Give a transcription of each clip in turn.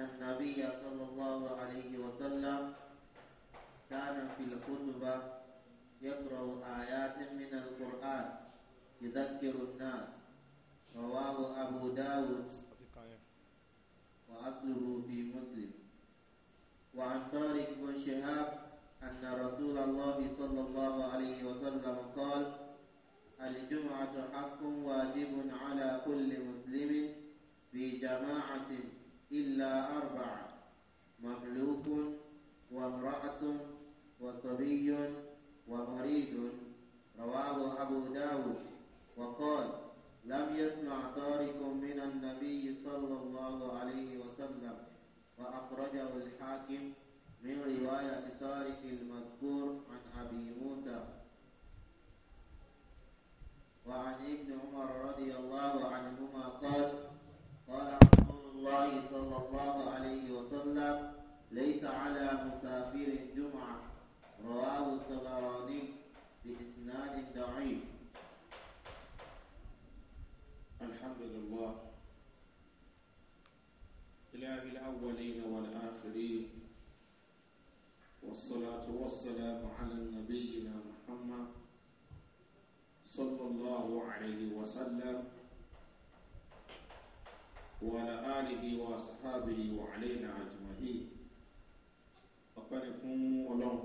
أن النبي صلى الله عليه وسلم كان في الخطبة يقرأ آيات من القرآن يذكر الناس رواه أبو داود وأصله في مسلم وعن طارق بن شهاب أن رسول الله صلى الله عليه وسلم قال الجمعة حق واجب على كل مسلم في جماعة إلا أربعة مخلوق وامرأة وصبي ومريض رواه أبو داود وقال لم يسمع طارق من النبي صلى الله عليه وسلم وأخرجه الحاكم من رواية طارق المذكور عن أبي موسى وعن ابن عمر رضي الله عنهما قال قال الله صلى الله عليه وسلم ليس على مسافر الجمعة رواه الطبراني بإسناد ضعيف الحمد لله إله الأولين والآخرين والصلاة والسلام على نبينا محمد صلى الله عليه وسلم وعلى آله وصحابه وعلينا أجمعين أقبل فون ولون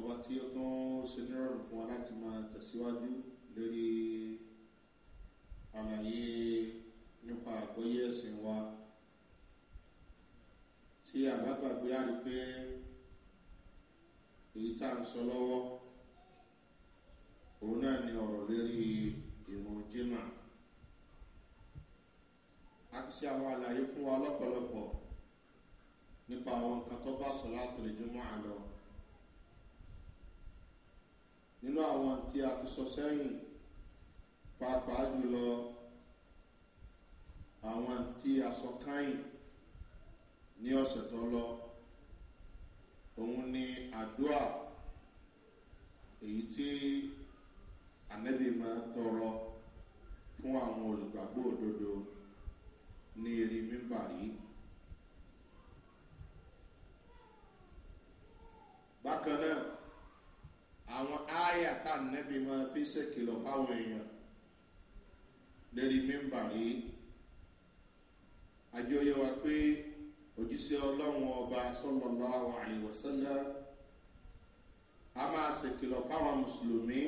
ọba tí ó tún ṣe nírọ̀rùn fún wa láti máa tẹ̀síwájú lórí àlàyé nípa àgbóyé ẹ̀sìn wa tí àbágbàgbé á rí pé èyí tá à ń sọ lọ́wọ́ òun náà ni ọ̀rọ̀ lérí ìrùn jimá àti ṣe àwọn àlàyé fún wa lọ́pọ̀lọpọ̀ nípa àwọn nǹkan tó bá sọ láti lè jùmọ̀ àlọ́ nínú àwọn tí a ti sọ sẹ́yìn pàápàá jùlọ àwọn tí a sọ káyìn ní ọ̀sẹ̀ tó lọ òun ni àdúrà èyí tí ànẹ́bí máa ń tọrọ fún àwọn olùgbàgbọ́ òdodo ní eré mímbà rí. bákan náà àwọn ááyà tá nẹ́bí máa fi ṣèkìlọ̀ fáwọn èèyàn lérí mímbà rí. wa pé òjíṣẹ́ ọlọ́run ọba sọ́lọ́lá àwọn àyẹ̀wòsánlá a máa ṣèkìlọ̀ fáwọn mùsùlùmí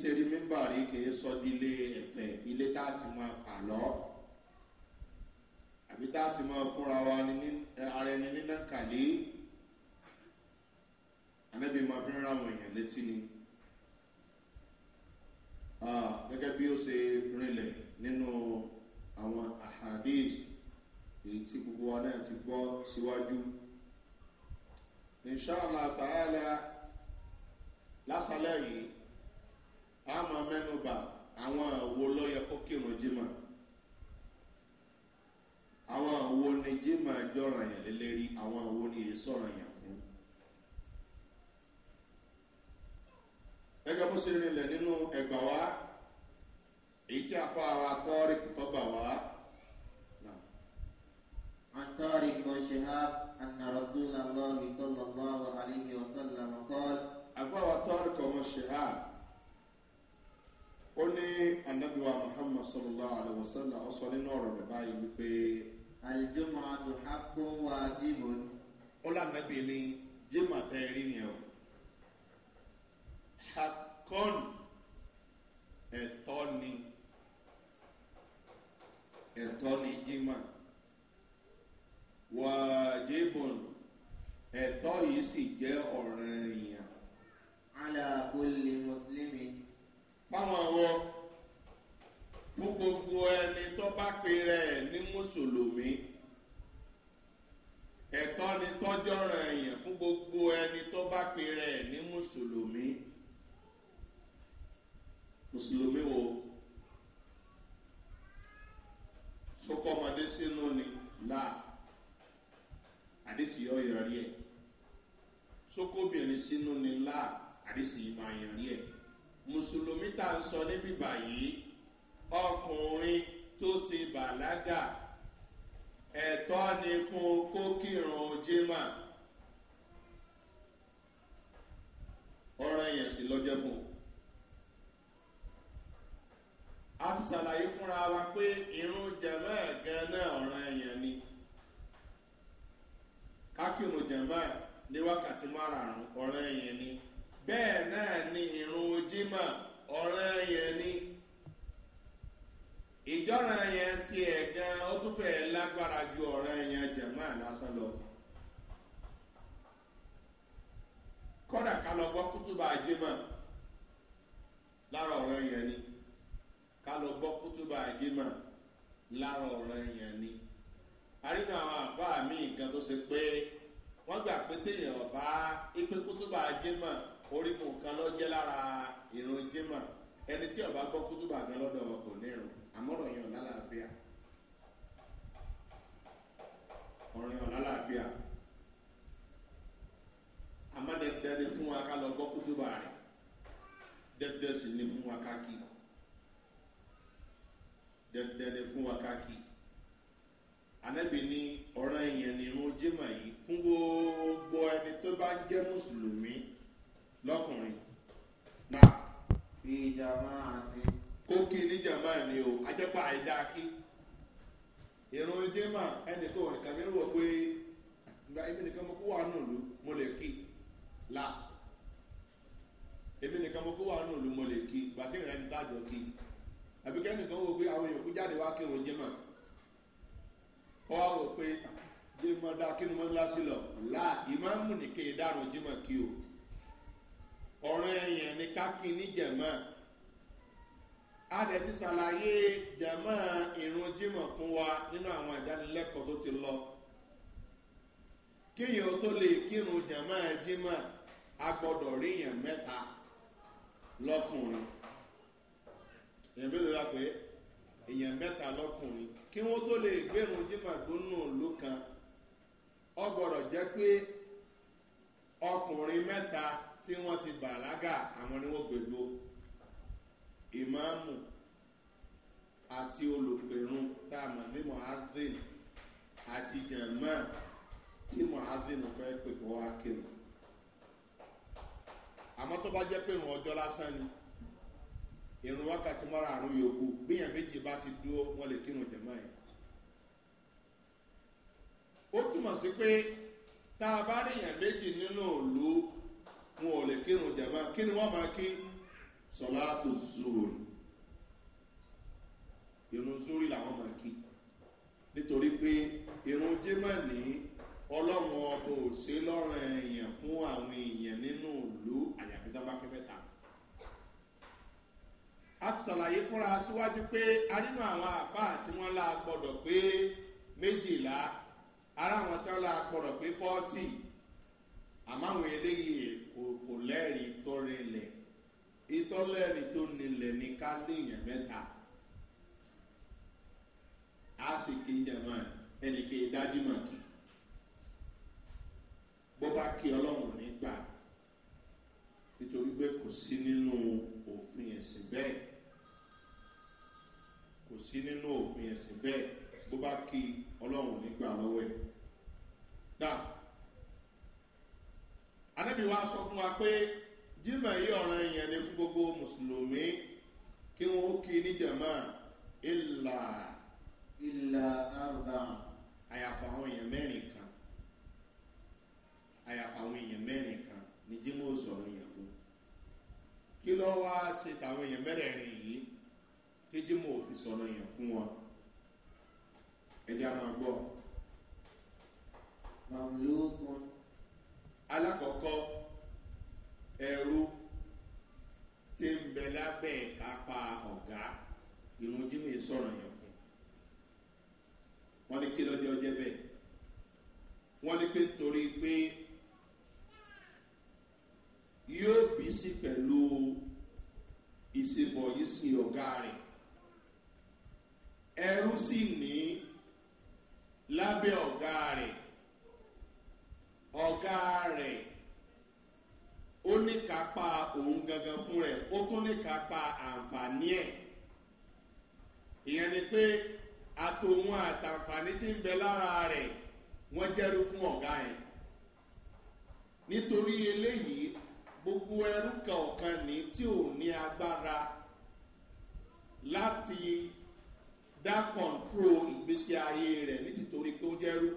ṣe rí mímbà rí kìí sọ ilé ẹ̀fẹ̀ ilé tá a ti máa àlọ́ àbí tá a ti máa fúnra wa ara ẹni nínà kàlí anábì máa fi ń ra àwọn èèyàn létí ni gẹ́gẹ́ bí ó ṣe rinlẹ̀ nínú àwọn ahadis èyí tí gbogbo wa náà ti gbọ́ síwájú inṣàlá tààlà lásàlẹ̀ yìí a máa mẹ́nu bà àwọn wo ló kó kírun jimá àwọn àwo ni jimá jọra yàn lélẹ́rí àwọn àwo ni èyí sọ̀rọ̀ yàn fún. gẹ́gẹ́ bó ṣe rinlẹ̀ nínú ẹ̀gbà wá èyí tí a fa ara tọ́rí tọ́gbà wá. Antari ko Shihab anna Rasulallah sallallahu alayhi wa sallam qol. Àfọwọ́ tọ́rí ko Shihab ó ní anabiwa Muhammad sallallahu alayhi wa sallam ọ̀sán nínú ọ̀rọ̀ rẹ̀ báyìí alijumra do hako waajibu. ó lànàbí ni jimá tẹ́ rí yẹn o hakon ẹ̀tọ́ ni ẹ̀tọ́ ni jimá waajibu ẹ̀tọ́ yìí sì jẹ́ ọ̀ràn èèyàn. ala olè mùsùlùmí. báwọn wọ fún gbogbo ẹni tó bá pe rẹ̀ ní mùsùlùmí ẹ̀tọ́ ni tọ́jọ́ rẹ̀ yẹn fún gbogbo ẹni tó bá pe ní mùsùlùmí mùsùlùmí wo sókọ́mọdé sínú ni láà àdísì yọ yọrí ẹ̀ sókóbìnrin sínú ni láà àdísì máa yọrí ẹ̀ mùsùlùmí tá à ń sọ níbí báyìí. ọkùnrin tó ti bàlágà ẹ̀tọ́ ni fún kókìrún jimá ọ̀rọ̀ yẹn sì lọ́jọ́ fún un. a ti ṣàlàyé fúnra wa pé irun jẹ̀mọ́ gan náà ọ̀rọ̀ yẹn ni kákìrún jẹ̀mọ́ ní wákàtí márààrún ọ̀rọ̀ yẹn ni bẹ́ẹ̀ náà ni irun jimá ọ̀rọ̀ yẹn ni. ìjọ́ràn yẹn ti ẹ̀ gan ó tún lágbára ju ọ̀ràn yẹn jẹ̀mọ́ àlásán lọ. ká lọ gbọ́ kútùbà àjẹmọ́ lára yẹn ni ká lọ kútùbà lára yẹn ni. àwọn àbá mi nǹkan tó ṣe pé wọ́n gbà pé téèyàn ipe kútùbà kan àmọ́rọ̀ yẹn lálàáfíà ọ̀rọ̀ yẹn lálàáfíà àmọ́ dẹ́dẹ́ ni fún wa ká lọ gbọ́ kútúbà rẹ̀ dẹ́dẹ́ sì ni fún wa ká kí dẹ́dẹ́ ni fún wa ká kí anabi ni ọ̀ràn èèyàn ni irun jimá yìí fún gbogbo ẹni tó bá jẹ́ mùsùlùmí lọ́kùnrin. ìjàmbá àti ó kí níjàmbá ni o ajẹ́pà àìdá kí ìrún jimá ẹnìkan òrìn kàmí ló wọ pé ìgbà ibi nìkan mo kó wà nù lù mo lè kí la èmi nìkan mo kó wà nù lù mo lè kí gbàtí ìrìn ẹni dájọ kí àbíkẹ́ nìkan wò pé àwọn èèyàn kú jáde wá kí ìrún jimá ọ wá wò pé jimá dá kí ni mo lá lọ la ìmáàmù nìkan ìdárun jimá kí o ọ̀rọ̀ ẹ̀yàn ni ká kí níjàmbá adẹ̀ ti ṣàlàyé jẹ̀mọ́ ìrún jímọ̀ fún wa nínú àwọn ìdánilẹ́kọ̀ọ́ tó ti lọ kíyàn ó tó lè kírun jẹ̀mọ́ jímọ̀ a gbọ́dọ̀ ríyàn mẹ́ta lọ́kùnrin èèyàn mélòó la pé èèyàn mẹ́ta lọ́kùnrin kí wọ́n tó lè gbẹ̀rún jímọ̀ gbónú òlu kan ọ gbọ́dọ̀ jẹ́ pé ọkùnrin mẹ́ta tí wọ́n ti bàlágà àwọn ni wọ́n gbègbó ìmáàmù àti olùpẹ̀rún tá a mọ̀ ní mohazin àti jẹ̀mọ́ tí mohazin fẹ́ pè kọ́ wá àmọ́ tó bá jẹ́ pé ìrùn ọjọ́ lásán ni ìrùn wákàtí mọ́ra àrùn yòókù bíyàn méjì bá ti dúró wọ́n lè kírun jẹ̀mọ́ yẹn ó túmọ̀ sí pé tá a bá ríyàn méjì nínú òlu wọn ò lè kírun jẹ̀mọ́ kí ni wọ́n máa kí sọlá tó zòòrì irun zòòrì làwọn máa kí nítorí pé irun jémánì ọlọ́run ọba òsè lọ́rùn èèyàn fún àwọn èèyàn nínú ìlú àyàfi tá bá kẹ́ mẹ́ta a ti sàlàyé fúnra síwájú pé a nínú àwọn àbá tí wọ́n la gbọ́dọ̀ pé méjìlá ara àwọn tí wọ́n la gbọ́dọ̀ pé fọ́ọ̀tì àmọ́ àwọn eléyìí kò lẹ́rìí tó rinlẹ̀ ìtọ́lẹ́rìí tó nílẹ̀ ní ká léèyàn mẹ́ta á sì kí jẹ̀mọ́ ẹnì kí dájú mọ̀ kí bó bá kí ọlọ́run nígbà nítorí pé kò sí nínú òfin ẹ̀sìn bẹ́ẹ̀ kò sí nínú òfin ẹ̀sìn bẹ́ẹ̀ bó bá kí nígbà lọ́wọ́ ẹ̀ dáa anábìwá sọ fún wa pé jimá yìí ọ̀ràn èèyàn ní fún gbogbo mùsùlùmí kí wọ́n ó kí ní jẹ̀mọ́ ìlà ìlà àrùbá àyàfà àwọn èèyàn mẹ́rin kan àyàfà àwọn èèyàn mẹ́rin kan ní jimá ó sọ̀rọ̀ èèyàn fún kí lọ́ wá ṣe tàwọn èèyàn mẹ́rẹ̀ẹ̀rin yìí tí jimá ò fi sọ̀rọ̀ èèyàn fún wọn ẹ̀dí a gbọ́. màmúlùkún. alákọ̀ọ́kọ́ ẹrú tí ń bẹ lábẹ́ ẹ̀ka pa ọ̀gá ìrun jimmy sọ̀rọ̀ yẹn fún wọn ní kí lọ́jọ́ jẹ́ bẹ́ẹ̀ wọn ní pé torí pé yóò bí sí pẹ̀lú ìsìnbọ̀ yìí sí ọ̀gá rẹ̀ ẹrú sì ní lábẹ́ ọ̀gá rẹ̀ ọ̀gá rẹ̀ ó ní kápá òun gangan fún rẹ̀ ó tún ní kápá àǹfààní ẹ̀ ìyẹn ni pé àtòun àtàǹfààní ti ń bẹ lára rẹ̀ wọ́n jẹ́rú fún ọ̀gá yẹn nítorí eléyìí gbogbo ẹrú kọ̀ọ̀kan ní tí ò ní agbára láti dá kọ̀ǹtró ìgbésí ayé rẹ̀ ní pé ó jẹ́rú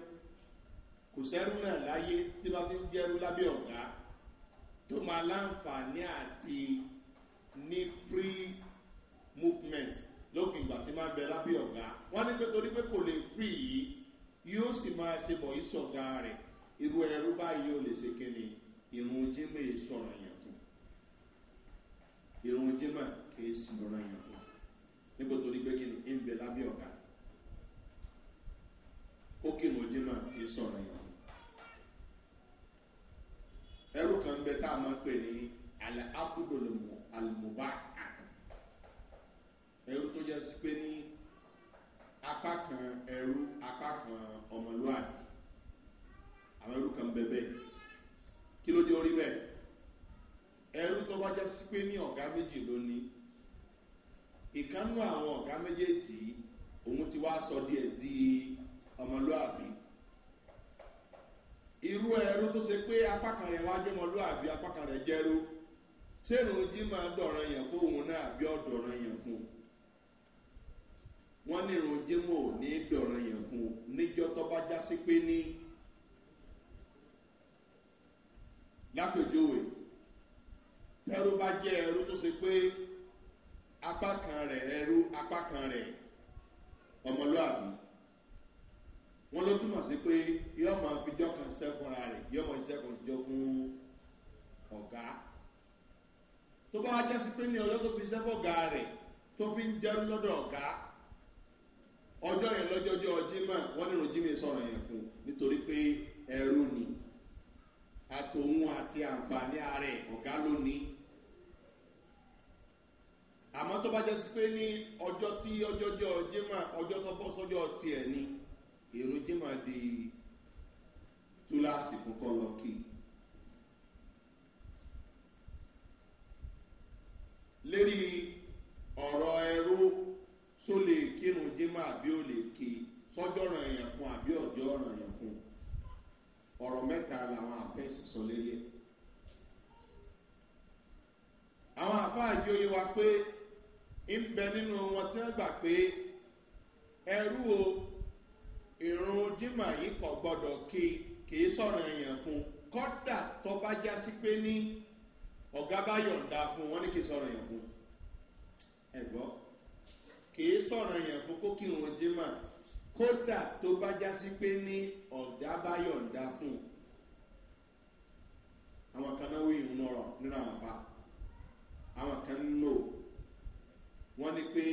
kò sẹ́rú náà láyé tí wọ́n ti ń jẹ́rú lábẹ́ ọ̀gá tó máa láǹfààní àti ní free movement lókè ìgbà tí máa ń bẹ lábẹ́ ọ̀gá wọ́n ní pé torí pé kò lè free yìí yóò sì máa ṣe bọ̀ yìí sọ̀gá rẹ̀ irú ẹrú báyìí ò lè ṣe kíni ìrùn jimá yìí sọ̀rọ̀ yẹn fún ìrùn jimá kìí sọ̀rọ̀ yẹn fún níbo torí pé kíni ń bẹ lábẹ́ ọ̀gá ó kí ìrùn jimá kìí sọ̀rọ̀ yẹn. pè ní alakudolomo alimoba ẹrú tó jẹ́ sí pé ní apá kan ẹrú apá kan ọmọlúwàbí àwọn ẹrú kan bẹ̀bẹ̀ kí ló dé orí bẹ́ẹ̀ ẹrú tó bá jẹ́ sí pé ní ọ̀gá méjì ló ní ìkánú àwọn ọ̀gá méjèèjì òun ti wá sọ díẹ̀ di ọmọlúwàbí irú ẹrú tó ṣe pé pe kan rẹ̀ wá jọmọlúàbí apá kan rẹ̀ jẹ́rú ṣé ìròjì máa dọ̀ràn yàn fún òun náà àbí ọ̀dọ̀ràn ni fún un ní ìròjì mò ní dọ̀ràn yàn fún tó bá já sí pé ní lápèjúwe bá wọn ló túmọ̀ sí pé yóò máa fi jọ́ kan ṣiṣẹ́ fúnra rẹ̀ yóò máa ṣiṣẹ́ kan jọ fún ọ̀gá tó bá wá jásí pé ní ọjọ́ tó fi ṣiṣẹ́ fọ̀gá rẹ̀ tó fi ń jẹ́rú lọ́dọ̀ ọ̀gá ọjọ́ yẹn lọ́jọ́jọ́ jimá wọ́n nínú jimá sọ̀rọ̀ yẹn fún nítorí pé ẹrú ni àtòun àti àǹfààní ààrẹ ọ̀gá lónìí àmọ́ tó bá jásí pé ní ọjọ́ tí ọjọ́jọ́ jimá ọjọ́ tó bọ́ sọ́jọ́ tiẹ̀ ni èrò jimá di túláàsì kúkọ lọ kí lérí ọ̀rọ̀ ẹrú tó lè kírun jimá àbí ó lè kí sọ́jọ́rọ̀ èèyàn fún àbí ọ̀jọ́ ọ̀rọ̀ èèyàn fún ọ̀rọ̀ mẹ́ta làwọn àfẹ́sì sọ lérí ẹ̀ àwọn àfáàjì oyè wa pé ń bẹ nínú wọn tí wọ́n gbà pé ẹrú o ìrún jimá yìí kò gbọ́dọ̀ ké kìí sọ̀rọ̀ èèyàn fún kọ́dà tó bá já sí pé ní ọ̀gá bá yọ̀ǹda fún wọn ní kìí sọ̀rọ̀ èèyàn fún ẹ̀gbọ́ kìí sọ̀rọ̀ èèyàn fún kó kí ìrún jimá kódà tó bá já sí pé ní ọ̀gá bá yọ̀ǹda fún àwọn kan náà wí ìrún ọ̀rọ̀ nínú àwọn àbá àwọn kan nínú wọn ni pé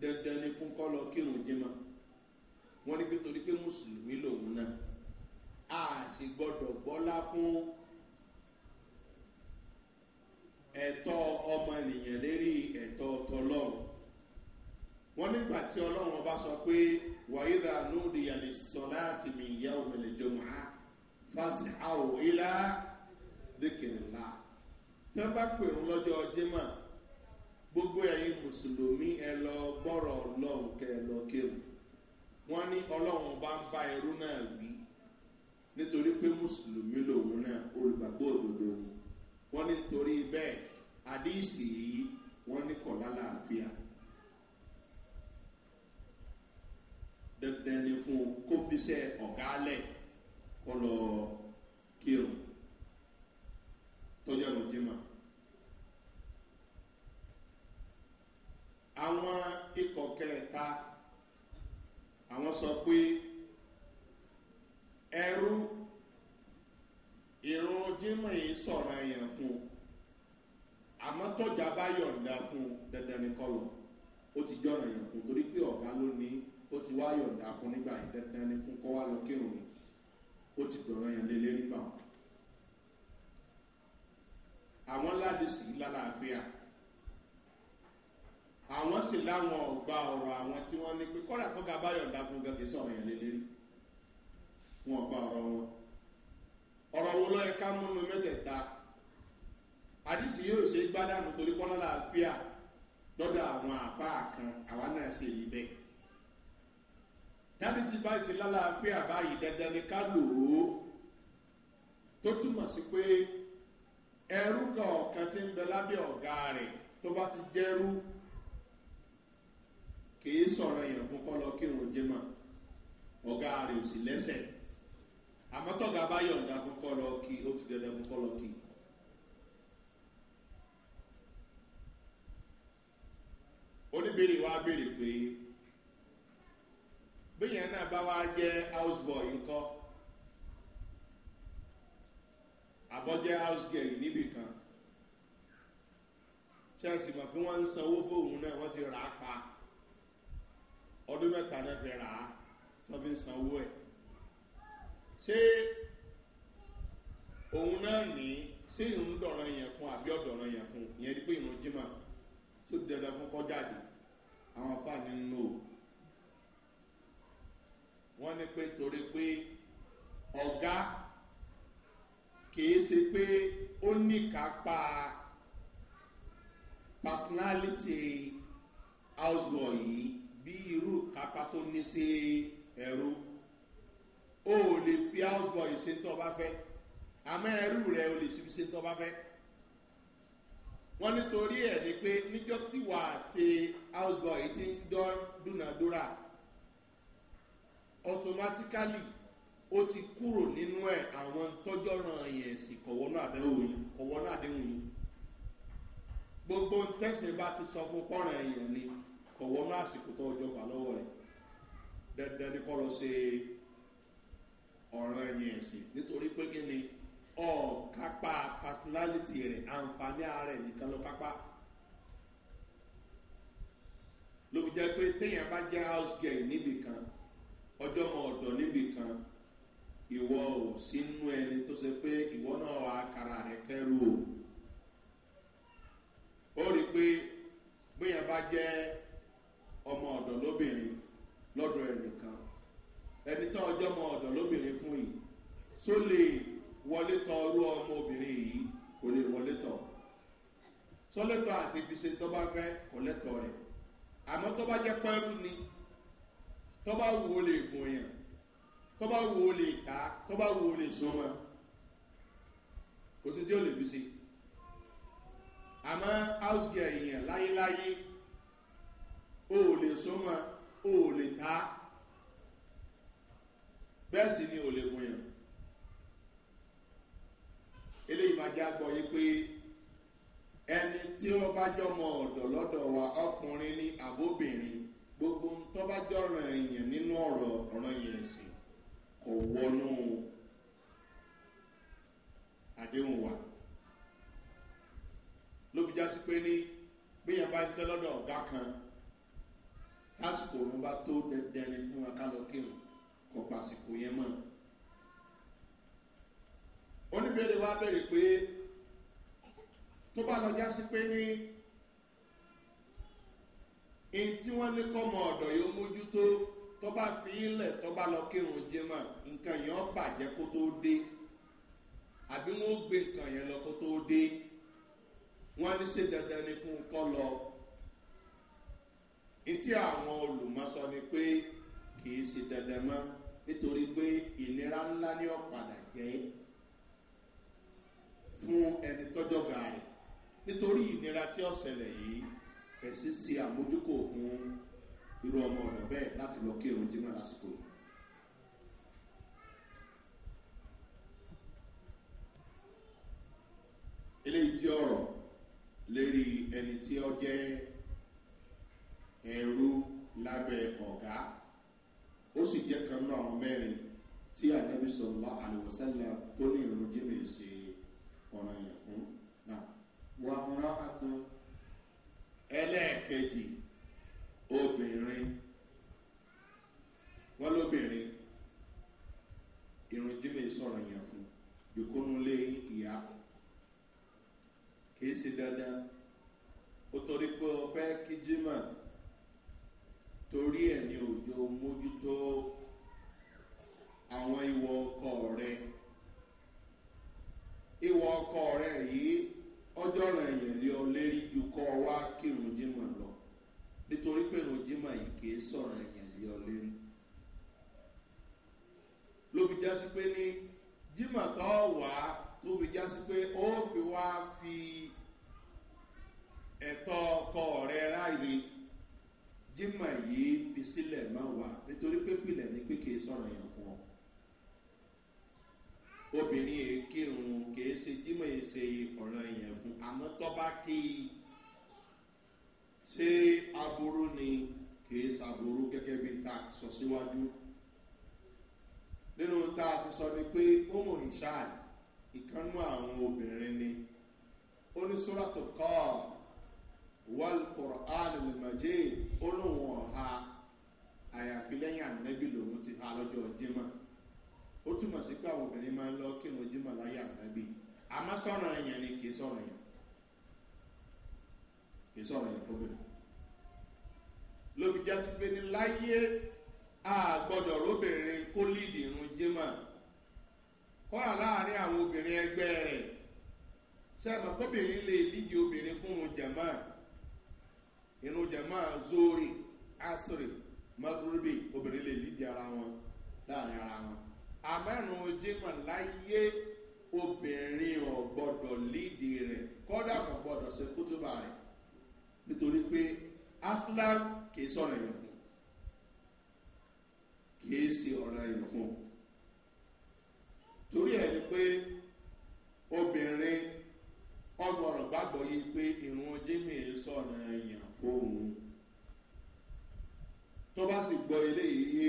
dandan ni fún kọ́ lọ kírun jimá wọ́n ní pé torí pé mùsùlùmí lòun náà a sì gbọ́dọ̀ gbọ́lá fún ẹ̀tọ́ ọmọnìyàn lérí ẹ̀tọ́ tọlọ́run wọ́n nígbà tí ọlọ́run ọba sọ pé wàhídà lóde yàrá sọlá àti mìíyá òmìnira jọmọ́ á fásitì àwọ̀ ilá lékèrèlá tí bá pè ń lọ́jọ́ jimá gbogbo ẹ̀yin mùsùlùmí ẹ lọ gbọ́rọ̀ ọlọ́run kẹ ẹ lọ kírun wọ́n ní ọlọ́run bá bá ẹrú náà wí nítorí pé mùsùlùmí lòun náà olùgbàgbọ́ òdodo ni wọ́n ní torí bẹ́ẹ̀ àdéhìsì yìí wọ́n ní kọ̀ lálàáfíà. dandan ni fún kó fi sẹ́ kírun tọ́jú ẹ̀rùn jimá. àwọn ikọ̀ kẹta àwọn sọ pé ẹrú ìrún jímọ̀ yìí sọ̀rọ̀ yẹn fún un àmọ́ tọ́jà bá yọ̀ǹda fún un dandan ní kọlọ̀ ó ti jọ̀rọ̀ yẹn fún un torí pé ọ̀gá ló ní ó ti wá yọ̀ǹda fún nígbà yìí dandan ní fún kọ́ wá lọ kírun ni ó ti dọ̀rọ̀ yẹn lé lérí bá wọn. àwọn ládìsí lálàáfíà. La àwọn sì láwọn ọ̀gbà ọ̀rọ̀ àwọn tí wọ́n ní pé kọ́dà tó ga báyọ̀ dá fún gẹ́gẹ́ sọ̀rọ̀ yẹn lé lérí fún ọ̀gbà ọ̀rọ̀ wọn ọ̀rọ̀ wo lọ́yẹ ká múnú mẹ́tẹ̀ẹ̀ta àdìsí yóò ṣe gbádànù torí pọ́n lálàáfíà lọ́dọ̀ àwọn àfáà kan àwa náà ṣe yí bẹ́ẹ̀ dábìsí báyìí ti lálàáfíà báyìí dandan ni ká lò ó tó túmọ̀ sí pé ẹrú kan ọ̀kan ti ń bẹ lábẹ́ ọ̀gá rẹ̀ tó bá ti jẹ́rú kìí sọ̀rọ̀ yẹn fún kọ́ lọ kírun jẹ́mà ọ̀gá rẹ̀ ò sì lẹ́sẹ̀ àmọ́tọ́gà bá yọ̀ǹda fún kọ́ lọ kí ó ti dẹ́dẹ́ fún kọ́ lọ kí. oníbèrè wa béèrè pé bíyẹn náà bá wá jẹ́ houseboy ńkọ́ àbọ̀jẹ́ níbì kan mọ̀ pé wọ́n ń sanwó fóun náà wọ́n ti rà ọdún mẹ́ta lẹ́fẹ̀ rà á tó fi san owó ẹ̀ ṣé òun náà ní ṣé ìrún dọ̀rọ̀ yẹn fún àbí yẹn fún ìyẹn ni pé ìrún jimá tó dandan fún kọjáde àwọn afáàní ń lò wọ́n ní pé torí pé ọ̀gá kìí ṣe pé ó níkápá personality houseboy yìí bí irú kápá tó ní sí ẹ̀rú o ò lè fi houseboy ṣe tó o bá fẹ́ àmọ́ ẹrú rẹ o lè fi ṣe tó o bá fẹ́ wọ́n nítorí ẹ̀ ni pé níjọ́ tí wà á ti houseboy ti ń dúnadúrà automatically ó ti kúrò nínú ẹ̀ àwọn tọ́jọ́ ràn yẹn sì kọ̀wọ́nú àdéhùn yìí kọ̀wọ́nú àdéhùn yìí gbogbo tẹ̀sìn bá ti sọ fún pọ́nrán yẹn ni kọ̀wọ́ ní àsìkò tó ọjọ́ gbà lọ́wọ́ rẹ̀ dandan ni kọ́ lọ ṣe ọ̀ràn yẹn ẹ̀sìn nítorí pé kí ni ọ̀ kápá personality rẹ̀ àǹfààní ààrẹ nìkan lọ kápá ló fi jẹ́ pé téèyàn bá jẹ́ house girl níbì kan ọjọ́ ọmọ ọ̀dọ̀ níbì kan ìwọ ò sínú ẹni tó ṣe pé ìwọ náà wà á kara rẹ kẹrù o ó rí i pé bóyá bá jẹ́ ọmọ ọ̀dọ̀ lóbìnrin lọ́dọ̀ ẹnìkan ẹni tó ọjọ́ ọmọ ọ̀dọ̀ lóbìnrin fún yìí tó lè wọlé tọ ọrú ọmọ obìnrin yìí kò lè wọlé tọ sọlẹ́tọ̀ àti ibiṣe tó bá fẹ́ kò lẹ́tọ̀ rẹ̀ àmọ́ tó bá jẹ́ pẹ́rú ni tó bá wù ó lè gùn yàn tó bá wù ó lè ká tó bá wù ó lè súnmọ́ kò sí tí ó lè fi ṣe àmọ́ house girl yẹn láyéláyé. o le lè o lè ta bẹ́ẹ̀ sì ni o lè gùn yàn eléyìí máa já gbọ́ yí pé ẹni tí ó bá ọ̀dọ̀ lọ́dọ̀ wa ọkùnrin ní àbóbìnrin gbogbo tó bá ọrụ èèyàn nínú ọ̀rọ̀ ọ̀ràn yẹn sì kò wọnú wa ló fi já sí pé ní bí yẹn bá kan. tásìkò òun bá tó dandan ni fún akálọ́kìrùn kọ pàṣípò yẹn mọ́ oníbèrè wa bẹ̀rẹ̀ pé tó bá lọ jásí pé ní in tí wọ́n ní kọ́mọ ọ̀dọ̀ yóò mójútó tó bá fi ilẹ̀ tó bá lọ kírun jimá nǹkan yẹn bàjẹ́ kó tó dé àbí wọ́n gbé nǹkan yẹn lọ kó tó dé wọ́n ní ṣe dandan ni fún un kọ́ lọ etí àwọn olùmọ̀sọ ni pé kìí ṣe dandan mọ́ nítorí pé ìnira ńlá ní ọ̀padà jẹ́ fún ẹni tọ́jọ́ ga rẹ̀ nítorí ìnira tí ó ṣẹlẹ̀ yìí ẹ̀sì ṣe àmójúkò fún irú ọmọ ọ̀dọ̀ bẹ́ẹ̀ láti lọ kí irun jimá lásìkò eléyìí jẹ́ ọ̀rọ̀ lérí ẹni tí ó jẹ́ eru labe oga ó sì je kan náà mẹ́rin tí ànábi sọ̀rọ̀ àlùwọ̀sánlá tó ní ìrún jìnnà ṣe ọ̀ràn yẹn fún náà. wà múra àtún. ẹlẹ́ẹ̀kejì obìnrin wọ́n lóbìnrin ìrún jìnnà sọ̀rọ̀ yẹn fún ìkónú ìyá kì í ṣe dandan ó torí torí ẹ̀ ní òjò mójútó àwọn ìwọ ọkọ rẹ ìwọ ọkọ rẹ yìí ọjọ́ rẹ̀ yẹn lé ọ lérí ju kọ́ ọ wá kírun jimá lọ nítorí pé irun jimá yìí kìí sọ̀rọ̀ yẹn lé ọ lérí ló fi jásí pé ní jimá tó wà tó fi jásí pé ó fi wá fi ẹ̀tọ́ ọkọ rẹ ráyè jimá yìí fi sílẹ̀ máa wà nítorí pé pilẹ̀ ni pé kìí sọ̀rọ̀ yẹn fún ọ. obìnrin yìí kírun kìí ṣe jimá yìí ṣe ọ̀rọ̀ yẹn fún àmọ́ tọ́ba kí i ṣé aburú ni kìí ṣàbùrú gẹ́gẹ́ bí ta sọ síwájú. nínú tá ti sọ ni pé homo ishal ìkànnú àwọn obìnrin ni oníṣòra tó kọ́ ọ́. والقرآن المجيد olóhùn ọ̀ha àyàfi ọha ànábì lòun ti ha lọ́jọ́ jimá ó túmọ̀ sí pé ma obìnrin máa ń lọ kírun jimá láyé ànábì àmọ́ sọ̀rọ̀ ẹ̀yàn ni kì í sọ̀rọ̀ ẹ̀yàn kì í sọ̀rọ̀ ẹ̀yàn fóbìnrin irun jimá kọ́ra láàrin inú jama zori asiri magrebi obìnrin lè lídìí ara wọn láàrin ara wọn àmẹ́rùn jimá láyé obìnrin ò gbọ́dọ̀ lídìí rẹ̀ kọ́dà kò ṣe kútùbà rẹ̀ nítorí pé aslan kìí sọ̀rọ̀ èèyàn fún kìí ṣe ọ̀rọ̀ èèyàn fún torí ẹ̀ ni pé obìnrin ọgbọ̀rọ̀ gbàgbọ́ yìí pé ìrún jimá sọ̀rọ̀ èèyàn fóun tó bá sì gbọ́ eléyìí yé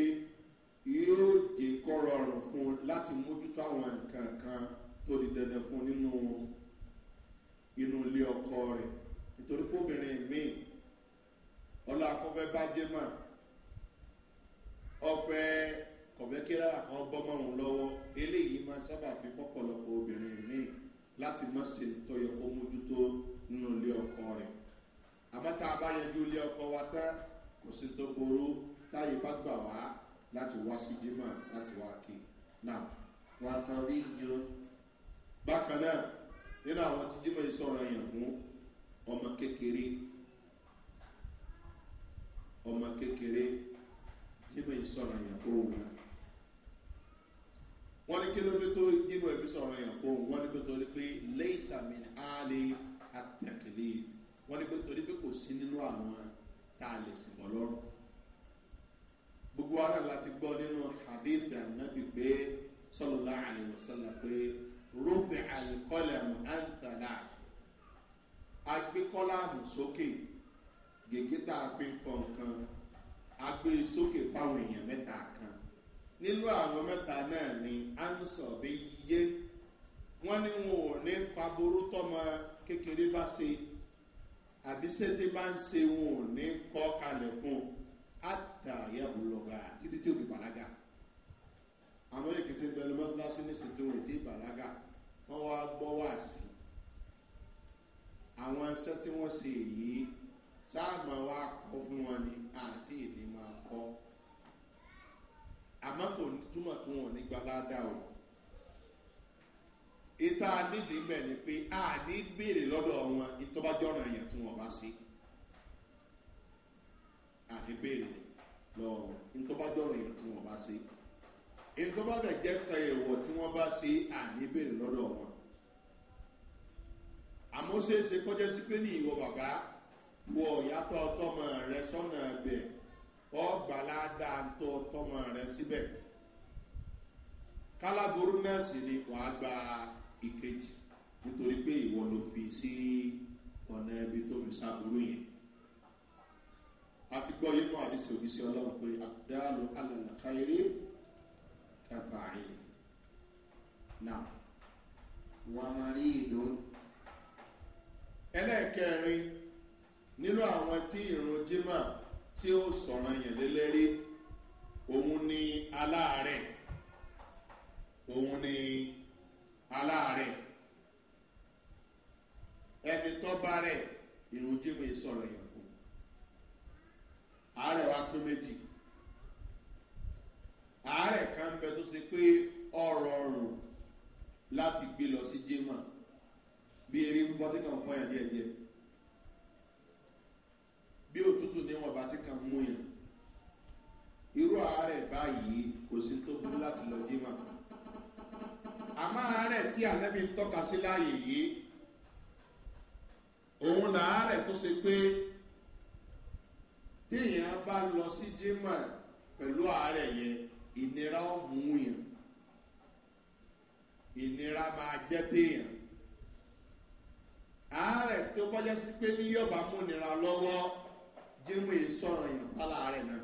yóò jẹ́ kọ́ rọrùn fún un láti mójútó àwọn nǹkan kan tó di dandan fún un nínú inú ilé ọkọ rẹ̀ nítorí pé obìnrin míì ọlá akọ́fẹ́ bá jẹ́ mà ọ̀fẹ́ kọ̀bẹ́kẹ́rẹ́ àwọn bọ́mọ̀ òun lọ́wọ́ eléyìí máa sábà fi fọ́pọ̀lọpọ̀ obìnrin míì láti má ṣe tọyọ kó mójútó nínú ilé ọkọ rẹ̀ àmọ́ tá a bá yanjú ilé ọkọ wa tán kò sí tó ború táyé bá gbà wá láti wá sí jimá láti wá kí náà. wàá san rí yọ. bákan náà nínú àwọn tí jimá yìí sọ̀rọ̀ yẹn fún ọmọ kékeré ọmọ kékeré jimá yìí sọ̀rọ̀ yẹn fún òun náà wọ́n ní kílódé tó jimá yìí sọ̀rọ̀ yẹn fún òun wọ́n ní kílódé tó pé lẹ́yìn sàmì àlè àtẹ̀kẹ́lẹ́ wọ́n ní pé torí pé kò sí nínú àwọn tá a lè sìn bọ́ lọ́rùn gbogbo ara láti gbọ́ nínú hadith anabi pé sọlọ́lá àlùmọ́sálà pé rúbì àlùkọ́lẹ̀mù àǹtàlá agbẹ́kọ́láàmù sókè gègé tá a fi e sókè fáwọn èèyàn mẹ́ta kan nínú àwọn mẹ́ta náà ni ansọ̀ bí yé wọ́n ní wọn ò ní paburú tọ́mọ kékeré bá ṣe àbí sẹ́tí bá ń se wọn ò ní kọ́ kalẹ̀ fún un àtàyẹ̀ òlọ́gà títí tí ò fi bàlágà àwọn èkìtì bẹ̀rù mọ́tíláṣí ní ṣètìwọ̀n ètí ìbàlágà wọ́n wá gbọ́ wá sí àwọn iṣẹ́ tí wọ́n ṣe yìí sáàmà wá kọ́ fún wọn ni àti ìní máa kọ́ àmọ́ kò túmọ̀ kí wọn ò ní o ìta nídìí bẹ̀ ni pé a ní béèrè lọ́dọ̀ wọn ìtọ́bájọ́ràn yẹn tí wọ́n bá sí a ní béèrè lọ́wọ́ wọn ìtọ́bájọ́ràn yẹn tí wọ́n bá sí ìtọ́bájọ́ jẹ́ kan èèwọ̀ tí wọ́n bá sí a ní béèrè lọ́dọ̀ wọn àmọ́ ṣeéṣe kọjá sí pé ní ìwọ bàbá wọ ìyàtọ̀ ọtọ́mọ rẹ sọ́nà ẹgbẹ́ ọgbàládà tó ọtọ́mọ rẹ síbẹ̀ kálábóró náà sì ni wàá gba ìkejì nítorí pé ìwọ ló fi sí ọ̀nà ẹbí tó fi sábúrú yẹn àti gbọ́ yínú àdísì òbísí ọlọ́run pé àdáàlú alàlàkáyéré kẹfà àyè náà wọ́n máa rí ìlú ẹlẹ́ẹ̀kẹrin nínú àwọn tí ìrùn jimá tí ó sọ̀rọ̀ yẹn lélẹ́rí òun ni aláàárẹ̀ òun ni aláàárẹ̀ ẹni tọ́ba rẹ̀ èròjì mi sọ̀rọ̀ yẹn fún àárẹ̀ wa pé méjì àárẹ̀ kan bẹ tó ṣe pé ọ̀rọ̀ ọ̀rùn láti gbé lọ sí jémà bí eré ń bọ́ tí kàn fọ́ yàn díẹ̀díẹ̀ bí òtútù níwọ̀n bá ti kàn mú yàn irú àárẹ̀ báyìí kò sí tó burú láti lọ jémà àmọ́ àárẹ̀ tí ànábì ń tọ́ka sí láàyè yìí òun làárẹ̀ tó ṣe pé téèyàn bá lọ sí jimá pẹ̀lú àárẹ̀ yẹn ìnira ó mú yàn ìnira máa jẹ́ téèyàn àárẹ̀ tó kọjá sí pé ní yọ̀bá múnira lọ́wọ́ jimá sọ̀rọ̀ yàn fálà àárẹ̀ náà.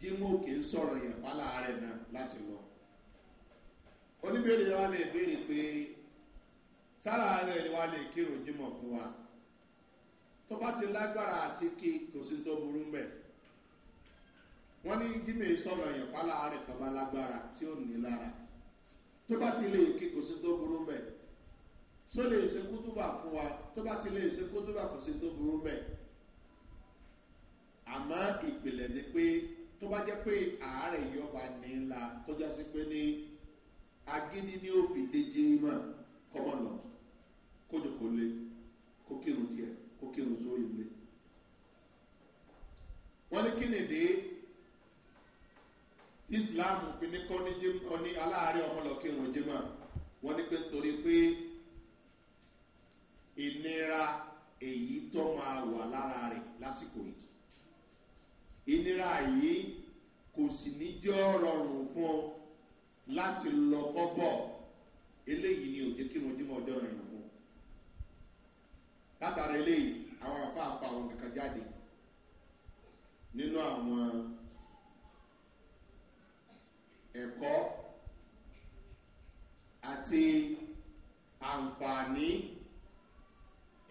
jémòkè sọ̀rọ̀ yẹn pálá rẹ̀ náà láti lọ. oníbèrè wa lè béèrè pé sára rẹ̀ ni wa lè kírun jímọ̀ fún wa tó bá ti lágbára àti kí kò sí tó burú mẹ́ wọ́n ní jímọ̀ sọ̀rọ̀ yẹn pálá rẹ̀ tó bá lágbára tí ó ní lára tó bá ti lè kí kò sí tó burú mẹ́ tó lè ṣe kútúbà fún wa tó bá ti lè ṣe kútúbà kò sí tó burú mẹ́ àmọ́ ìpìlẹ̀ ni pé tó bá jẹ́ pé àárẹ̀ ìyọba ní ńlá tó já sí pé ní agídí ní ó fi déjé mọ̀ kọ́mọ lọ kójú kò le kó kírun tiẹ̀ kó kírun sórí ilé. wọ́n ní kí nìdí islam fi ní kọ́ ní aláàárẹ̀ ọmọlọ kírun jimá wọ́n ní pé torí pé ìnira èyí tó máa wà lára rẹ̀ lásìkò yìí ìnira yìí kò sì ní jẹ́ rọrùn fún ọ láti lọ kọ́bọ̀ eléyìí ni òjò kírun jímọ̀ ọjọ́ ìrìn fún látara eléyìí àwọn àfa àpá àwọn kankan jáde nínú àwọn ẹ̀kọ́ àti àǹfààní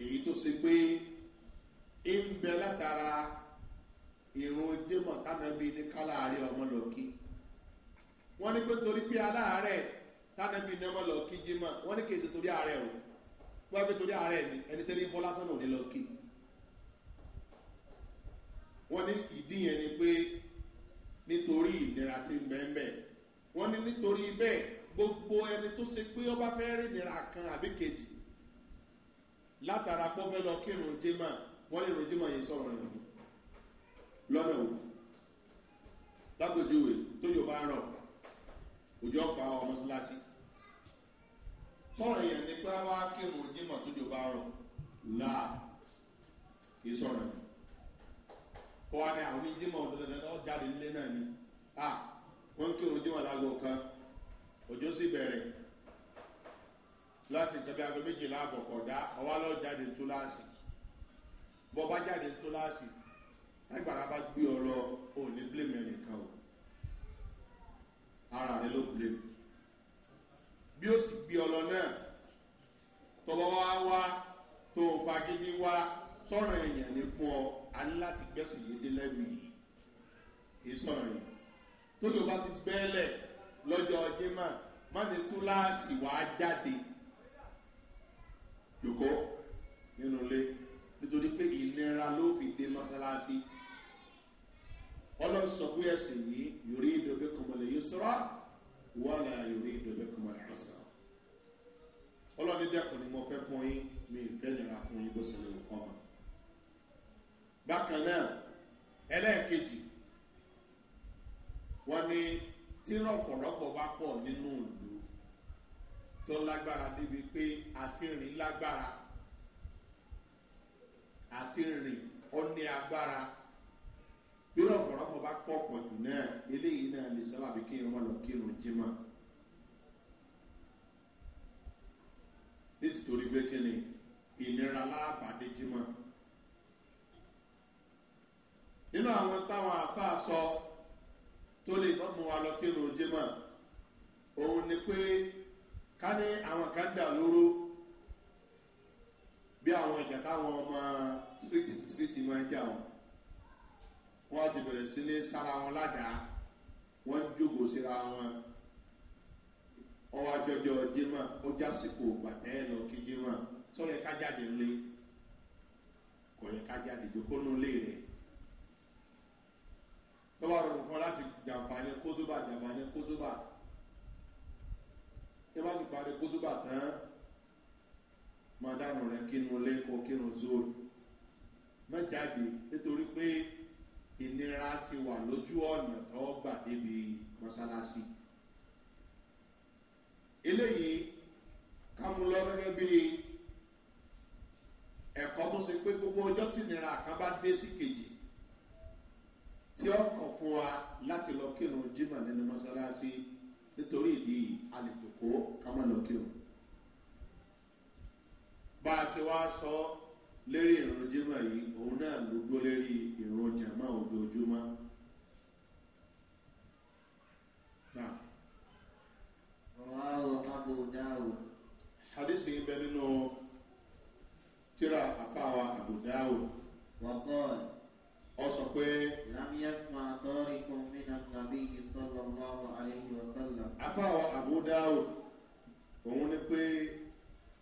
èyí tó ṣe pé ń bẹ látara ìrún jẹ́mọ̀ tánàbí ní káláàárẹ̀ ọmọ lọ kí wọ́n ní pé torí pé aláàárẹ̀ tánàbí ní ọmọ lọ kí jẹ́mọ̀ wọ́n ní kèsì torí ààrẹ o wọ́n pé torí ààrẹ ni ẹni tẹ́lẹ̀ ń bọ́ lásán náà ní lọ kí wọ́n ní ìdí yẹn ni pé nítorí ìnira ti ń bẹ́ẹ̀ wọ́n ní nítorí bẹ́ẹ̀ gbogbo ẹni tó ṣe pé ọba fẹ́ rí ìnira kan àbí kejì látara pọ́fẹ́ lọ kírun jẹ́mọ̀ wọ́n lè rojúmọ̀ yẹn sọ̀rọ̀ ìrìn lọ́nà òkú lápèjúwe tó yóò bá rọ̀ òjò pa àwọn sọ̀rọ̀ yẹn ni pé wá kírun jímọ̀ tó yóò bá rọ̀ láà kì í sọ̀rọ̀ yẹn kọ́ wa àwọn jáde nílé náà ni à wọ́n kírun lágbo kan òjò sì bẹ̀rẹ̀ láti méjìlá àbọ̀kọ̀dá lágbàrá bá gbé ọ lọ ò ní blame ẹnìkan o ara rẹ ló blame bí ó sì gbé ọ lọ náà tọ́lọ́ wá wá tó o fagídí wá sọ̀rọ̀ èèyàn ní fún ọ a ní láti gbẹ́sìn yé dé lẹ́mìí kì í sọ̀rọ̀ yìí tóbi o bá ti bẹ́ẹ̀lẹ̀ lọ́jọ́ ọjọ́ máa má ní túláàsì wá jáde jòkó nínú ilé nítorí pé ìnira ló fi dé mọ́sálásí ọlọ́run sọ pé ẹ̀sìn yìí yorì ìdòbí kọmọlẹ̀ yóò sọ́rọ́ wọ́n là yorì ìdòbí kọmọlẹ̀ ọ̀sán ọlọ́run dẹ́kun ni mo fẹ́ fún yín mi ìfẹ́ nira fún yín bó ṣẹlẹ̀ òkọ́ ma bákan náà ẹlẹ́ẹ̀kejì wọ́n ní tí rọ̀fọ̀rọ̀fọ̀ bá pọ̀ nínú ìlú tó lágbára débi pé àti rìn lágbára àti rìn ó ní agbára. bí lọ́pọ̀lọpọ̀ bá pọ̀ pọ̀ jù náà eléyìí náà lè sábàbí kí irun lọ kí irun máa nítorí pé kí ni ìnira láàbàdé máa nínú àwọn táwọn àfa sọ tó lè mọ́ mu wa lọ kí irun máa òun ni pé ká ní àwọn kan dà lóró bí àwọn ìjà táwọn ọmọ wọ́n ti bẹ̀rẹ̀ sí ní sára wọn ládàá wọ́n jókòó síra wọn ọwọ́ àjọjọ jimá ó jásìkò bàtẹ́ ẹ̀ lọ kí jimá sọ̀rọ̀ ẹ̀ka jáde ńlẹ̀ kò yẹ ká jáde jókòó nulẹ̀ rẹ̀ tọ́wọ́ rọrùn fún ọ láti jàǹfààní kótóbà jàǹfààní kótóbà tí wọ́n sì parí kótóbà tán máa dànù rẹ̀ kínú lẹ́kọ̀ọ́ kínú zoro mẹ́jáde nítorí pé ìnira ti wà lójú ọ̀nà tó gbà débi mọ́sálásí eléyìí kámúlọ gẹ́gẹ́ bí ẹ̀kọ́ tó ṣe pé gbogbo ọjọ́ tí ìnira kan bá dé sí kejì tí ó kàn fún wa láti lọ kírun jimá nínú mọ́sálásí nítorí ìdí àlejò kó ká má lọ kírun bá a ṣe wá sọ ọ́. lérí ìran jẹ́mà yìí òun náà ló lérí ìran jàmá ojoojúmọ́. Abu Hadisi ń bẹ tira tíra Abu Ọ sọ pé. Lámíyàsímà àtọ́rí kan mínà tàbí ìsọ̀lọ̀ lọ́wọ́ àyẹ̀wò ọ̀sọ̀lọ̀. Àfáwa Abu Òun ni pé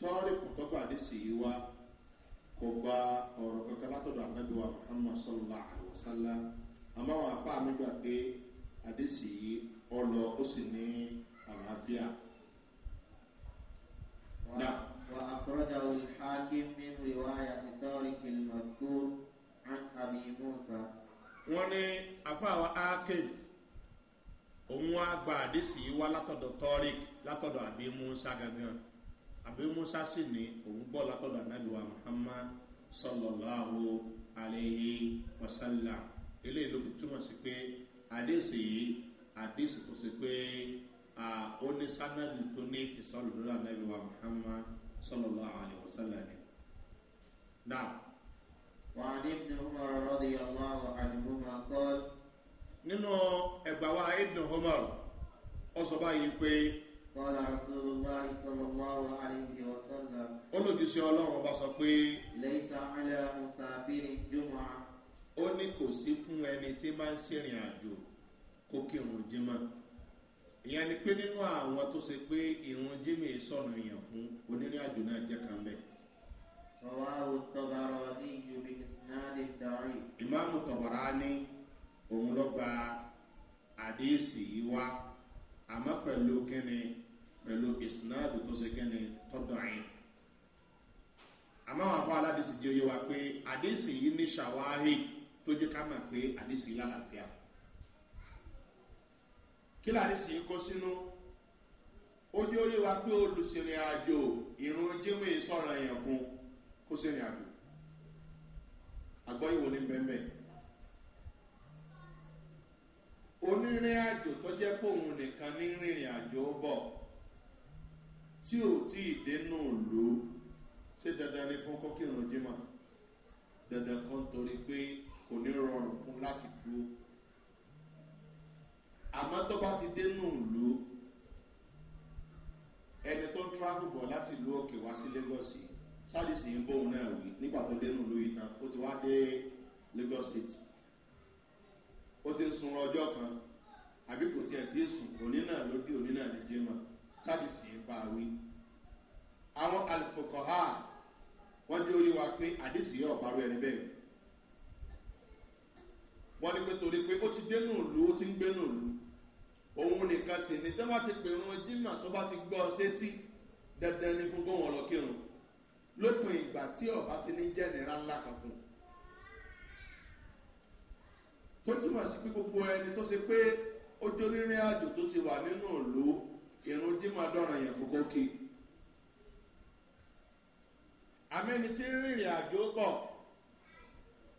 tọ́rí kò tọ́gbà ní sí wá. kò ọrụ ọ̀rọ̀ latọrọ látọ̀dọ̀ àgbẹ̀dùwà muhammad sallallahu alayhi wa sallam àmọ́ àwọn apá o si ni àdéṣì yìí ọlọ ó sì ní àlàáfíà. وأخرجه الحاكم من رواية طارق المذكور عن أبي موسى. wọ́n ní àfàwọ̀ akim òun wá gba àdéṣì yìí wá látọ̀dọ̀ tọ́rík àbí musa sì ní òun gbọ́ látọ̀dọ̀ anábìwá muhammad sallallahu alayhi wa sallam eléyìí ló fi túmọ̀ sí pé àdéhìsì yìí àdéhìsì tó ṣe pé ó tó ní ti sọ̀rọ̀ lọ́dọ̀ anábìwá muhammad sallallahu alayhi wa sallam ابن عمر رضي الله عنهما قال nínú ẹgbàá wa ibn homer ọ sọ báyìí pé Kọ́lá Rasulullah sallallahu alayhi wa sallam. Olùdíṣẹ́ ọlọ́run bá sọ pé. Lẹ́yìn sàmúlẹ̀ Mùsàfírí Jùmọ̀. Ó ní kò sí fún ẹni tí máa ń ṣèrìn àjò kó kírun jímọ̀. Ìyẹn ni pé nínú àwọn tó ṣe pé èèyàn fún onírìn àjò náà jẹ́ kan bẹ́ẹ̀. ní Yorùbá Ìmáàmù ní òun ló gba pẹ̀lú ìsìnàdù tó ṣe kẹ́ni tọ́dọ̀ yìí àmọ́ àwọn aládìsí pé àdìsí yìí ní ṣàwáhì tó jẹ́ ká pé àdìsí yìí lálàáfíà kí làdìsí yìí kó sínú ó oyé wa pé olùsìnrìn àjò ìrún sọ̀rọ̀ fún kó àjò ní bẹ́ẹ̀ onírìn àjò tó jẹ́ nìkan ní rìnrìn bọ̀. tí ò tí ì dénú lò ó ṣé dandan ni fún kọ́kìrún jimá dandan kan torí pé kò ní rọrùn fún láti dúró àmọ́ tó bá ti dénú lò ẹni tó ń travel bọ̀ láti ìlú òkè wá sí lagos yìí sáàdìsì ń bóun náà wí nígbà tó dénú lò yìí tán ó ti wá dé lagos state ó ti ń sun ọjọ́ kan àbí kò tiẹ̀ dé sùn òní náà ló dé òní náà ní jimá sábìsì ń bá wí àwọn alùpùpùkọ̀há wọ́n jẹ́ orí wa pé àdìsí yóò parọ́ ẹni bẹ́ẹ̀ wọ́n ní pé torí pé ó ti dé nù lù ó ti ń gbé nù lù òun nìkan sì ni tó bá ti pè wọn jimá tó bá ti gbọ́ sétí dandan ni fún gbọ́n wọn lọ kírun lópin ìgbà tí ọba ti ní jẹ́ nira ńlá kan fún un tó túmọ̀ sí pé gbogbo ẹni tó ṣe pé ó jó àjò tó ti wà nínú òlòó máa dọ̀rọ̀ yẹn kókó kí amẹ́ni tí ń rìnrìn àjò bọ̀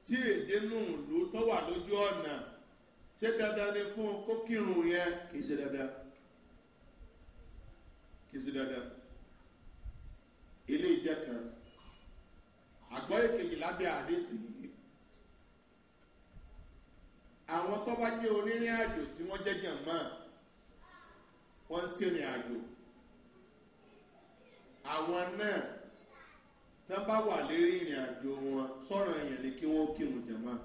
tí èdè lòlù tó wà lójú ọ̀nà ṣé dandan ni fún kó kírun yẹn kì í ṣe dandan kì í ṣe dandan ilé ìjẹ kan àgbọ̀ èkejì lábẹ́ àdéhùn yìí àwọn tó onírìn àjò tí wọ́n jẹ́ jàmáà wọ́n ń sìnrìn àjò àwọn náà tí wọ́n bá wà lérí ìrìn àjò wọn sọ̀rọ̀ èèyàn ni kí wọ́n kírun jẹ̀mọ́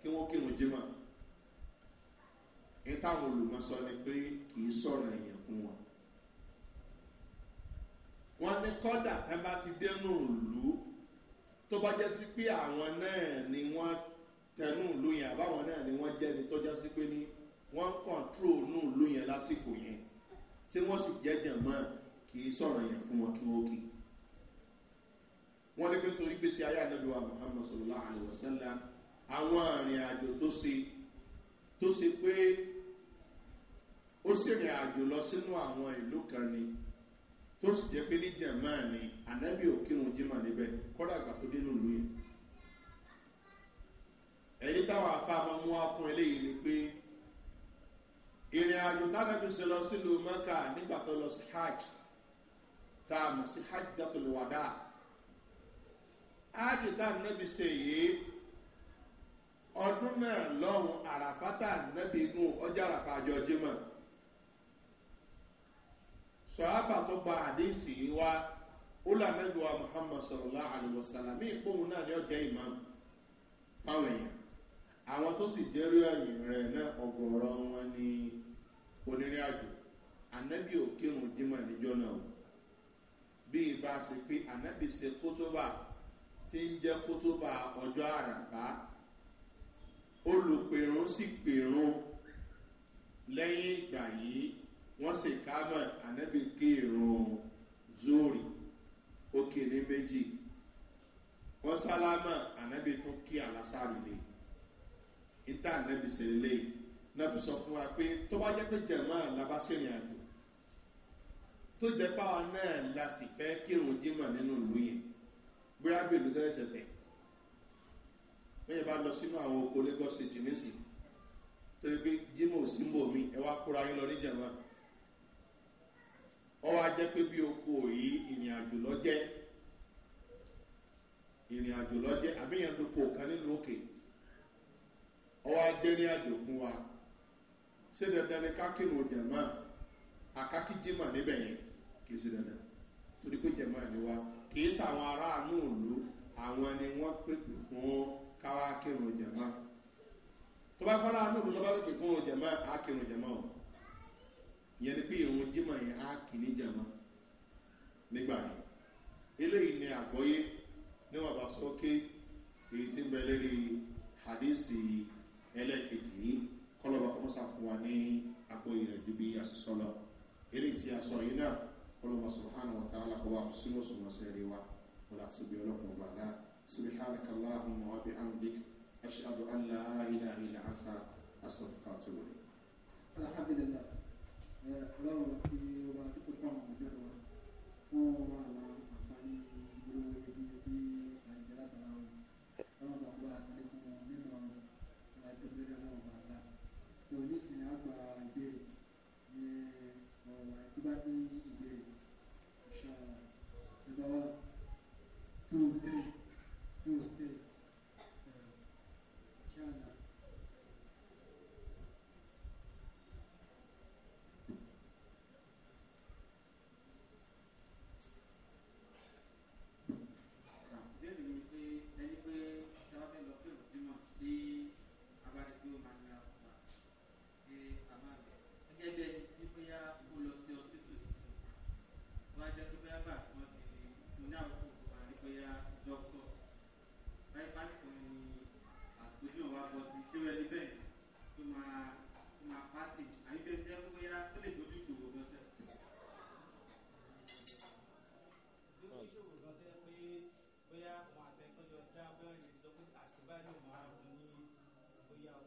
kí wọ́n kírun jẹ́mọ́ ní táwọn olùmọ̀sọ ni pé kì í sọ̀rọ̀ èèyàn fún wọn. wọ́n ní kọ́dà ẹ bá ti dẹnu ìlú tó bá jẹ́ sí pé àwọn náà ni wọ́n tẹnu ìlú yẹn àbáwọn náà ni wọ́n jẹ́ni tó jẹ́ sí pé ní wọ́n ń kọ̀ǹtró nù yẹn lásìkò yẹn tí wọ́n sì jẹ́jẹ̀ mọ́ kì í sọ̀rọ̀ yẹn fún wọn kí wọ́n kì. wọ́n ní pé torí gbèsè ayé àdọ́dọ́ wa muhammed sọlá àlùwọ̀sánlá àwọn arìnrìn àjò tó ṣe tó ṣe pé ó sì rìn àjò lọ sínú àwọn ìlú kan ni tó sì jẹ́ pé ní jẹ̀máà ni ànábì òkírun jimá níbẹ̀ kọ́dà àgbà tó dé nílùú yẹn. ẹ̀yìn táwọn afáàmọ́ mú wá fún eléyìí ni pé ìrìn àjò tánàbí ṣe lọ sílùú mọ́kà nígbà tó lọ sí hajj tá a mọ̀ sí hajj dátò lè wàdà hajj tánàbí ṣe yìí ọdún náà lọ́hùn àràfátà nẹ́bí inú ọjà àràfà àjọ jimá sọ̀hábà tó gba àdéhìsì yìí wá ọlànàgbèwà muhammad sallallahu alayhi wa náà ni ọjọ́ ìmáàmù táwọn èèyàn àwọn tó sì jẹ́rú ẹ̀yìn rẹ̀ náà ọgọ̀ọ̀rọ̀ wọn ni onírìn àjò anabi ò kírun jimá níjọ náà o bí ibà ṣe pé anabi ṣe kótóbà tí ń jẹ́ kótóbà ọjọ́ àràbá olùpèrún sì pèrún lẹ́yìn ìgbà yìí wọ́n sì kábọ̀ anabi kírun zori òkèlè méjì wọ́n sálámà anabi tún kí alásàrìlè níta anabi ṣe lélẹ́yìí nàbí sọ fún wa pé tó bá jẹ́ pé jẹ̀mọ́ àlábáṣẹ́rìn àjò tó jẹ́ páwa náà la sì fẹ́ kírun jímọ̀ nínú ìlú yẹn bóyá bí ìlú tẹ́lẹ̀ ṣẹ̀fẹ̀ bẹ́ẹ̀ bá lọ sínú àwọn oko lagos city nísì tó yẹ pé jímọ̀ símbò mi ẹ wá kóra yín lọ ní jẹ̀mọ́ ọ wá jẹ́ pé bí oko yìí ìrìn àjò lọ́jẹ́ ìrìn àjò lọ́jẹ́ àbíyàn dúpọ̀ kan nínú òkè ọ wá jẹ́ ní àjò fún wa ṣé dandan ni a kaki jima níbẹ̀ yẹn kì í ṣe dandan torí pé jẹ̀mọ́ ni wa kì í ṣàwọn aráàlú òlu àwọn ni wọ́n pèpè fún káwá kírun jẹ̀mọ́ tó bá kọ́lá àánú òlu tó bá pèpè fún jẹ̀mọ́ á kírun jẹ̀mọ́ o ìyẹn ni pé ìrún jímọ̀ yẹn á kì ní nígbà yẹn eléyìí ni àgbọ́yé níwọ̀n bá sọ́kè èyí tí ń bẹ lérí hadisi ẹlẹ́kejì yìí kọlọba kọ́ mọ́sá fún wa ní àpòyè rẹ̀ ju bí àṣìṣọ́ lọ eré tí a sọ yìí náà kọlọba sọ fún àwọn tààlà kọ́ wa sínú òsùn wọn wa wọn láti bí ọlọ́run ọba náà síbi hàrẹ̀kà láàrún mọ́ wá bí amdik aṣáájú àlá ilà ilà àkà àṣàfikà tó wọlé. alhamdulilayi ọlọ́run ti ọba tó kọ́ fún àwọn ọmọdé wa fún wa àwọn àǹfààní ìgbéró ibi ibi nàìjíríà tààrà wọn ọlọ́run bá wà sálẹ̀ fún wọn nínú ọ̀rọ̀ ìwà ìtọ́jú ẹ̀rọ tó nísìnyí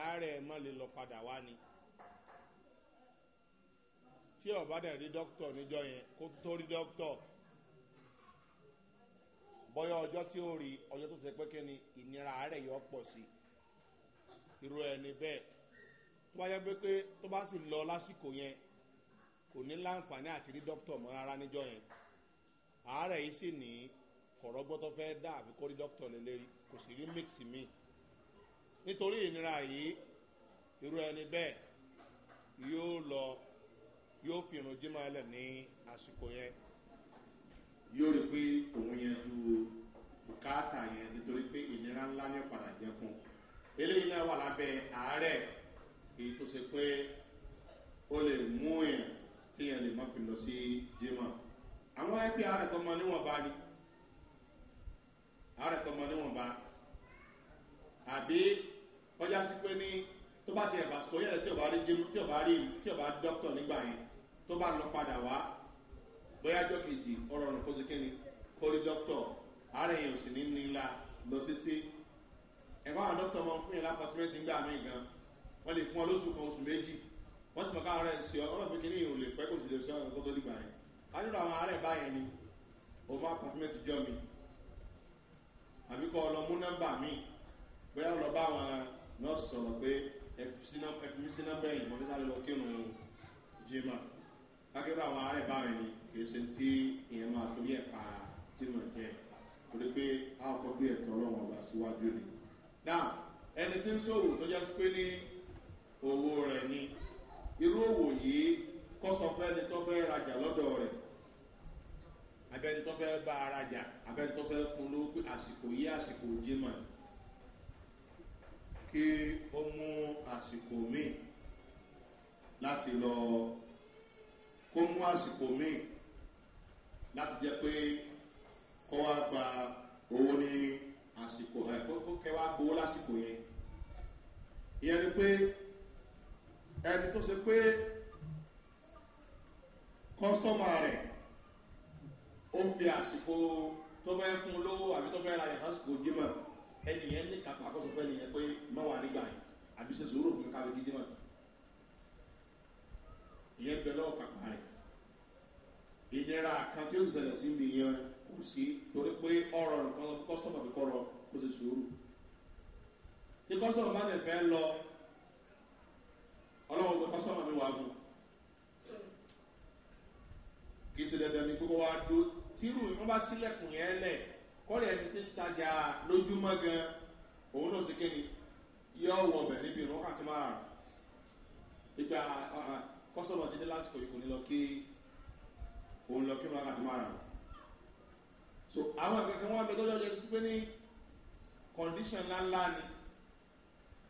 àárẹ̀ má lè lọ padà wá ni tí ọba dẹ̀ rí dókítọ̀ níjọ yẹn kó tó rí dókítọ̀ bọ́yá ọjọ́ tí ó rí ọjọ́ tó ṣe pé kí ni ìnira àárẹ̀ yọ pọ̀ sí irú ẹni bẹ́ẹ̀ tó bá yẹ pé pé tó bá sì lọ lásìkò yẹn kò ní láǹfààní àti rí dókítọ̀ mọ́ rárá níjọ yẹn àárẹ̀ yìí sì ní kọ̀rọ̀gbọ́tọ̀ fẹ́ dá àfikórí dókítọ̀ lélẹ́rí kò sì rí mix míì nítorí ìnira yìí irú ẹni bẹ́ẹ̀ yóò lọ yóò fi irun jí máa lẹ̀ ní àsìkò yẹn. yóò rí pé òun yẹn ju bùkátà yẹn nítorí pé ìnira ńlá ní padà jẹ fún un eléyìí náà wà lábẹ́ àárẹ̀ èyí tó ṣe pé ó lè mú èèyàn téèyàn lè má fi lọ sí jimá àwọn ẹgbẹ́ àárẹ̀ tó mọ níwọ̀nba ni àárẹ̀ tó mọ níwọ̀nba àbí kọjá sí pé ní tó bá ti ẹ̀bà sùkò yẹ̀rẹ̀ tí ò bá rí jim tí ò bá rí tí ò bá rí dókítà nígbà yẹn tó bá lọ padà wá bóyá ọjọ́ kejì ọ̀rọ̀ ọ̀nà kó ti kíni kó rí dókítà àárẹ̀ yẹn ò sì ní ní ńlá lọ títí ẹ̀fọ́ àwọn dókítà máa ń fún yẹn lápọ̀tímẹ́ntì ńgbà míì gan wọ́n lè fún ọ lóṣù kan oṣù méjì wọ́n sì mọ̀ káwọn rẹ̀ ń ni o fún apọ̀tímẹ́ntì jọ mi àbí kọ́ ọ mi bóyá ọ àwọn ní ọ̀sẹ̀ sọ̀rọ̀ pé ẹ̀fí sí náà bẹ́yìn wọ́n tẹ́tà lọ kírun jimá kákẹ́rọ àwọn ààrẹ báyìí ni kìí ṣe tí ìyẹn máa torí ẹ̀ pa tí mà jẹ́ torí pé a kọ́ gbé ẹ̀tọ́ ọlọ́run ọba síwájú ni. náà ẹni tí ń ṣòwò tó jẹ́ pé ní owó rẹ̀ ni irú òwò yìí kọ́ sọ fẹ́ ni tó fẹ́ rajà lọ́dọ̀ rẹ̀ abẹ́ni tó fẹ́ bá arajà abẹ́ni tó fẹ́ fún lówó pé àsìkò yí àsìkò jimá kí ó mú àsìkò míì láti lọ kó mú àsìkò míì láti jẹ́ pé kọ́ wá gba owó ní àsìkò ẹ̀ kó kẹ́ wá gbowó lásìkò yẹn ìyẹn ni pé ẹni tó ṣe pé kọ́sítọ́mà rẹ̀ ó fi àsìkò tó fẹ́ fún lówó àbí tó fẹ́ ra ìhásìkò jimá ẹnìyẹn ní kápá kó sọ fún ẹnìyẹn pé má wà nígbà yìí àbí ṣe sòwúrò fún káwé gidi mọ́ ìyẹn bẹ lọ́wọ́ kápá rẹ̀ ìnira kan tí ó ṣẹlẹ̀ sí mi yẹn kò sí torí pé ọ̀rọ̀ nìkan lọ kọ́sọ̀mù àbí kọ́rọ̀ kó ṣe sòwúrò tí kọ́sọ̀mù bá lè fẹ́ lọ ọlọ́wọ́ pé kọ́sọ̀mù mi wà gùn kì í ṣe dandan ní gbogbo wa do tírù ìwọ́n sílẹ̀kùn yẹn lẹ̀ kọ́lẹ̀ ẹni tí ń tajà lójúmọ́ gan òun náà sì kéde yọ wọ ọbẹ̀ níbi ìrọ́kà tí máa rà ìgbà kọ́sọ̀lọ́ ti dé lásìkò yìí kò ní lọ kí òun lọ kí ìrọ́kà tí máa rà so àwọn akẹ́kẹ́ wọn bẹ tọ́jọ́ jẹ́ sí pé ní kọ̀ǹdíṣàn ńláńlá ni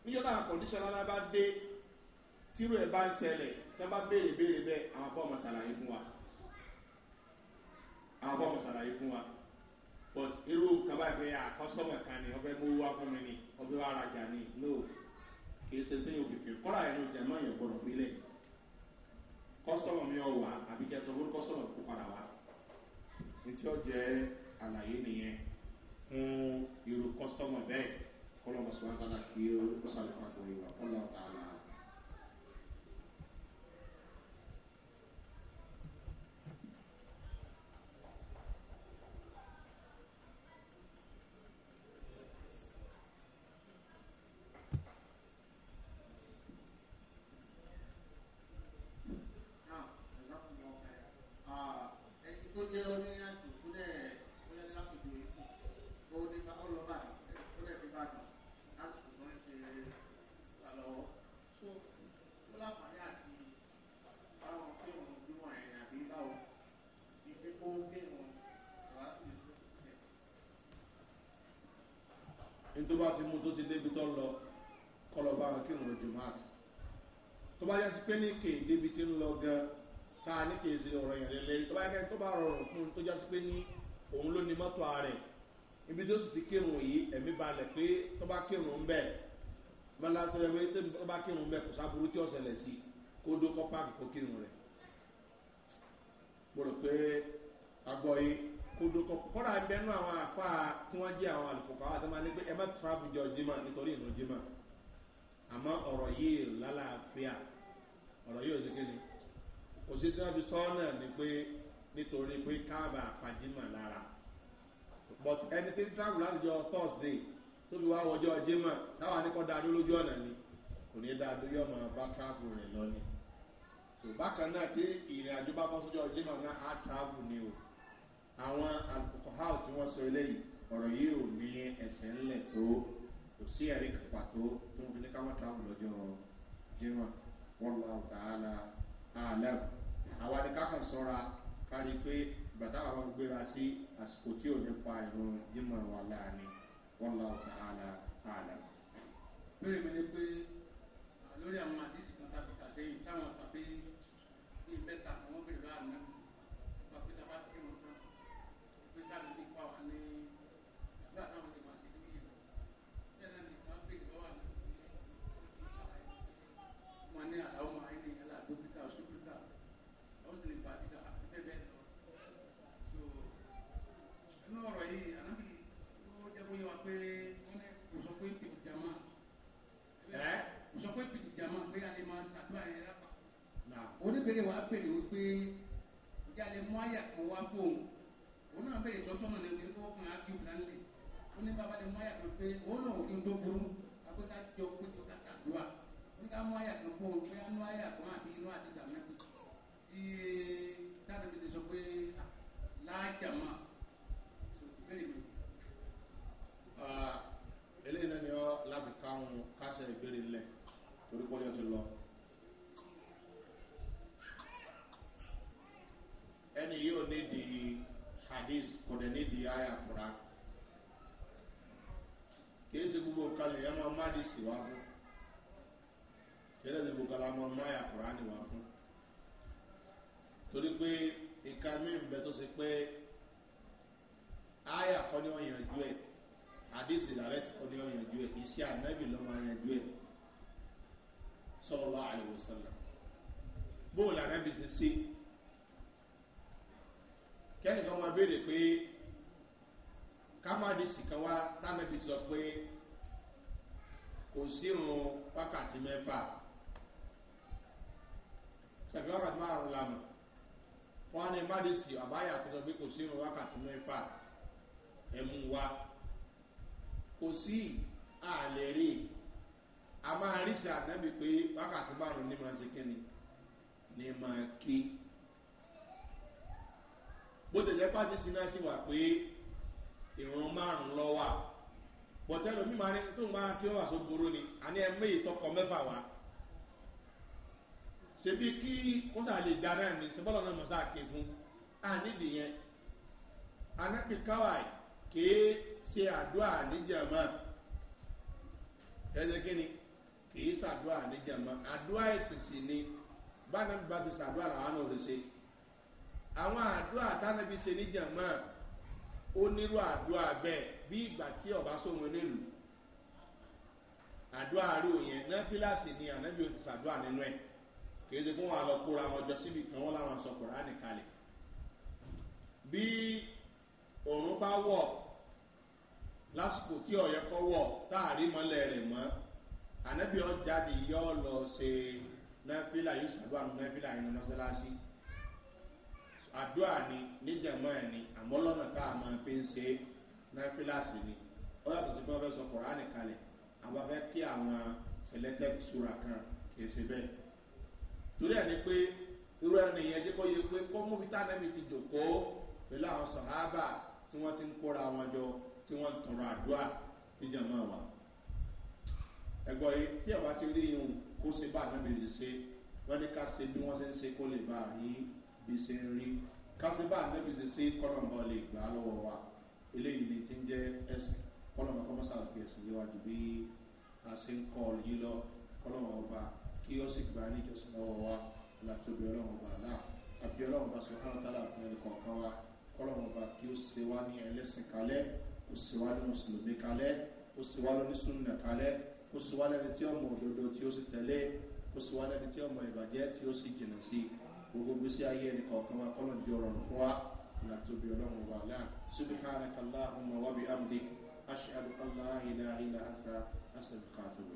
níjọ́ táwọn kọ̀ǹdíṣàn ńláńlá bá dé tírú ẹ̀ bá ń ṣẹlẹ̀ tẹ́ bá béèrè béèrè bẹ́ẹ̀ àwọn afọ́ ṣàlàyé fún wa àwọn afọ́ ṣàlàyé fún wa but irú nǹkan báyìí pé àkọsọ́mọ̀ kan ni ọbẹ̀ mú wá fún mi ni ọbẹ̀ wá rajà ni no kì í ṣe tí yóò fìfì kọ́ra ẹnu jẹ̀mọ́ yẹn gbọ́dọ̀ fi lẹ̀ kọ́sọ́mọ̀ mi ọ̀ wá àbí kẹ́sọ́ fún kọ́sọ́mọ̀ kó padà wá ntí ọ jẹ́ àlàyé nìyẹn fún irú kọ́sọ́mọ̀ bẹ́ẹ̀ kọ́lọ́mọ̀sọ́mọ̀ kan kí ó sàlùkọ́ àgbọ̀yìn wà kọ́lọ́ ọ̀tá tó bá yásí pé ní kèé débi tí ń lọ gan táa ní kèé ṣe ọ̀rọ̀ yẹn lẹ́lẹ́rí tó bá yẹ tó bá rọrùn fún un tó jásí pé ní òun ló ní mọ́tò ààrẹ ibi tó sì ti kírun yìí ẹ̀mí balẹ̀ pé tó bá kírun ń bẹ̀ mọ́lá tó yẹ pé tó bá kírun ń bẹ̀ kò sáburú tí ọ̀sẹ̀lẹ̀ sí kó dó kọ́ páàkì kó kírun rẹ̀ mo rò pé agbọ́ yìí kó dó kọ́ kọ́ra ẹgbẹ́nu àwọn àpá tí wọ́n jẹ́ àwọn àlùkò káwá tó àmọ́ ọ̀rọ̀ yìí lálàáfíà ọ̀rọ̀ yóò ṣe kéde kò sí tí wọ́n fi sọ náà ni pé nítorí pé káàbà àpàjímọ̀ lára but ẹni tí travel láti jọ thursday tó fi wá wọjọ́ jimọ̀ táwa ní kọ́ dáadó lójú ọ̀nà ni kò ní dáadó yọ̀ mọ́ bá travel rẹ̀ lọ ni tó bákan náà tí ìrìn àjò bá bọ́ sójọ́ jimọ̀ náà á travel ni o àwọn alcohol tí wọ́n sọ eléyìí ọ̀rọ̀ yìí ò ní ẹsẹ̀ ńlẹ̀ tó kò sí ẹ̀rí kan pàtó tó ń fi ní káwọn travel lọ́jọ́ jimọ̀ wọn lọ tààlà àlẹm àwa ni kákan sọra kárí pé bàtà àwọn gbéra sí àsìkò tí ò ní pa ìrún ìmọ̀ wà láàrin wọn lọ tààlà àlẹm. lórí mi ni pé lórí àwọn àdìsí kan tàbí kàṣẹ́yìn táwọn sàbí ní mẹ́ta àwọn obìnrin bá nà wọ́n pé tá a bá kí wọn tán pé káàdì ní pa wà ní nígbà táwọn ti béèrè wá béèrè wípé ìjà lè mú àyà kan wá fóun òun náà béèrè tọ́sọ́nà ní ní kókó kan ákíw lálẹ́ ó ní bàbá lè mú àyà kan pé òun náà òun tó burú àpé ká jọ pé jọ ká sàdúrà ní ká mú àyà kan fóun pé á nú àyà kan àbí inú àti sàmẹ́tì tí táwọn ti sọ pé ah, láàjà máa sọ ìbéèrè mi. eléyìí náà ni ọ láti káwọn kásẹ̀ ìbéèrè ńlẹ̀ torí pọ́jọ́ ti lọ. ẹni yóò nídìí hadith kò dẹ̀ nídìí àyà kura kìí ṣe gbogbo nǹkan lè yẹn máa má di sí wa fún kìí ṣe gbogbo nǹkan la máa má àyà kura ni wa fún torí pé nǹkan mi ń bẹ tó ṣe pé àyà kọ́ ni wọ́n yanjú ẹ̀ hadith ìlàrẹ́ ti kọ́ ni wọ́n yanjú ẹ̀ iṣẹ́ ànábì ló máa yanjú ẹ̀ sọ́lọ́lá àlè wòsàn náà bóòlù ànábì ṣe ṣe kẹ́nìkan máa béèrè pé kámádìsì kan wá tánàbí sọ pé kò sírun wákàtí mẹ́fà ṣàbí wákàtí márùn-ún lànà wọ́n á ní mádìsì àbáyà tó sọ pé kò sírun wákàtí mẹ́fà ẹ̀mú wa kò sí àlẹ́ rí a máa rí sí ànábì pé wákàtí márùn-ún ní máa ṣe kíni ní máa kí bó ti jẹ́ pàdé sí náà sì wà pé ìrún márùn-ún lọ wà bọ̀tẹ́lò mímọ́ ní tó ń bá kí wọ́n wà só burú ni àní ẹ méyì tọkọ mẹ́fà wá ṣebí kí wọ́n sà lè da náà ni ṣebọ́lọ́ náà mọ̀ sáà ké fún ànídìí yẹn anápì káwáì kèé ṣe àdúrà níjàmá ẹ̀jẹ̀ kí ni kèé ṣàdúrà níjàmá àdúrà ẹ̀sìn sì ni bá náà bá ti ṣàdúrà làwọn náà ṣe ṣe àwọn àdúrà tánàbí ṣe ní jàmá onírú àdúrà bẹ́ẹ̀ bí ìgbà tí ọba sóhun nílùú àdúrà rí òyìn nẹ́fílàsì ni ànábì ó ti ṣàdúrà nínú ẹ̀ kì í ṣe fún wọn àlọ́ kóra wọn jọ síbi kan wọn láwọn sọ kùránì kalẹ̀ bí òòrùn bá wọ̀ lásìkò tí ọ̀yẹ́ kọ́ wọ̀ táàrí mọ́lẹ̀ rẹ̀ mọ́ ànábì ó jáde yọ́ lọ ṣe nẹ́fílà yóò ṣàdúrà nínú nẹ́fílà yìí ní mọ́ṣáláṣí àdúrà ni níjàmọ́ ẹ̀ ni àmọ́ lọ́nà tá a máa fi ń ṣe náfílàsì ni ó yàtọ̀ sí pé wọ́n fẹ́ sọ kọ̀ránì kalẹ̀ àwọn afẹ́ kí àwọn selected sura kan kìí ṣe bẹ́ẹ̀ torí ẹ̀ ni pé irú ẹni yẹn jẹ́ kó yẹ pé kó mú fi tánẹ́mì ti dòkó pẹ̀lú àwọn sọ̀hábà tí wọ́n ti ń kóra wọn jọ tí wọ́n ń tọrọ àdúrà níjàmọ́ wa ẹ̀gbọ́n yìí tí ẹ̀ bá ti rí ihun kó ṣe bá àdúrà mi bí ṣe ń rí kásìbà nẹ́bí ṣe sí kọ́lọ̀mọ́ lè gbà á lọ́wọ́ wa eléyìí ni ti ń jẹ́ ẹ̀sìn kọ́lọ̀mọ́ kọ́mọ́sà fi ẹ̀sìn yé wa jù bí a ṣe ń kọ́ yí lọ kọ́lọ̀mọ́ ọba kí ó sì gbà níjọsìn lọ́wọ́ wa látòbí ọlọ́run ọba náà àbí ọlọ́run ọba sọ̀hánà tálà fún ẹnì kọ̀ọ̀kan wa kọ́lọ̀mọ́ ọba kí ó ṣe wá ní ẹlẹ́sìn kalẹ́ ó ṣe wá ní mùsùlùmí kalẹ́ ó ṣe wá lóní súnmù kalẹ́ ó ṣe wá lẹ́ni tí ọmọ òdodo tí ó sì tẹ̀lé ó ṣe wá lẹ́ni tí ọmọ ìbàjẹ́ tí ó sì jìnnà sí i gbogbo gbèsè ayé ẹnì kọ̀ọ̀kan wa kọ́nà jọ rọrùn fún wa ìlà tóbi ọlọ́run wa láà subhanaka allahumma wa bi amdik ashhadu an la ilaha illa anta astaghfiruka wa atubu